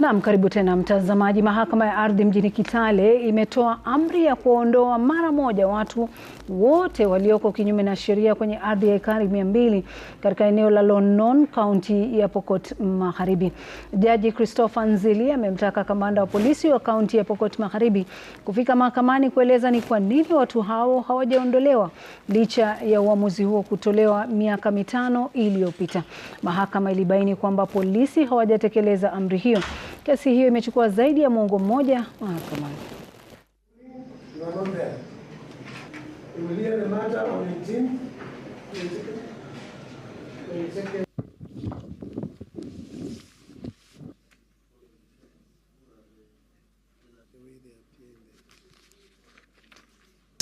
Naam, karibu tena mtazamaji. Mahakama ya Ardhi mjini Kitale imetoa amri ya kuondoa mara moja watu wote walioko kinyume na sheria kwenye ardhi ya ekari mia mbili katika eneo la Lonnon, kaunti ya Pokot Magharibi. Jaji Christopher Nzili amemtaka kamanda wa polisi wa kaunti ya Pokot Magharibi kufika mahakamani kueleza ni kwa nini watu hao hawajaondolewa licha ya uamuzi huo kutolewa miaka mitano iliyopita. Mahakama ilibaini kwamba polisi hawajatekeleza amri hiyo. Kesi hiyo imechukua zaidi ya mwongo mmoja mahakamani.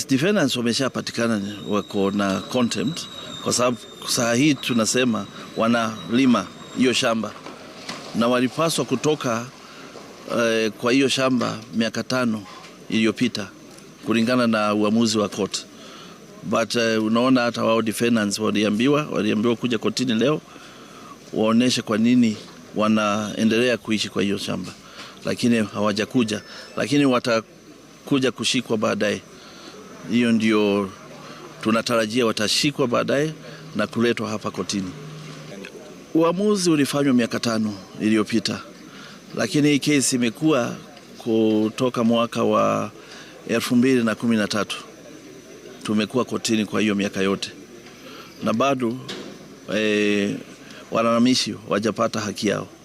Defendants wameshapatikana wako na contempt, kwa sababu saa hii tunasema wanalima hiyo shamba na walipaswa kutoka eh, kwa hiyo shamba miaka tano iliyopita kulingana na uamuzi wa court. But eh, unaona hata wao defendants waliambiwa waliambiwa kuja kotini leo waoneshe kwa nini wanaendelea kuishi kwa hiyo shamba, lakini hawajakuja, lakini watakuja kushikwa baadaye. Hiyo ndio tunatarajia, watashikwa baadaye na kuletwa hapa kotini. Uamuzi ulifanywa miaka tano iliyopita, lakini hii kesi imekuwa kutoka mwaka wa elfu mbili na kumi na tatu tumekuwa kotini kwa hiyo miaka yote, na bado e, walalamishi wajapata haki yao.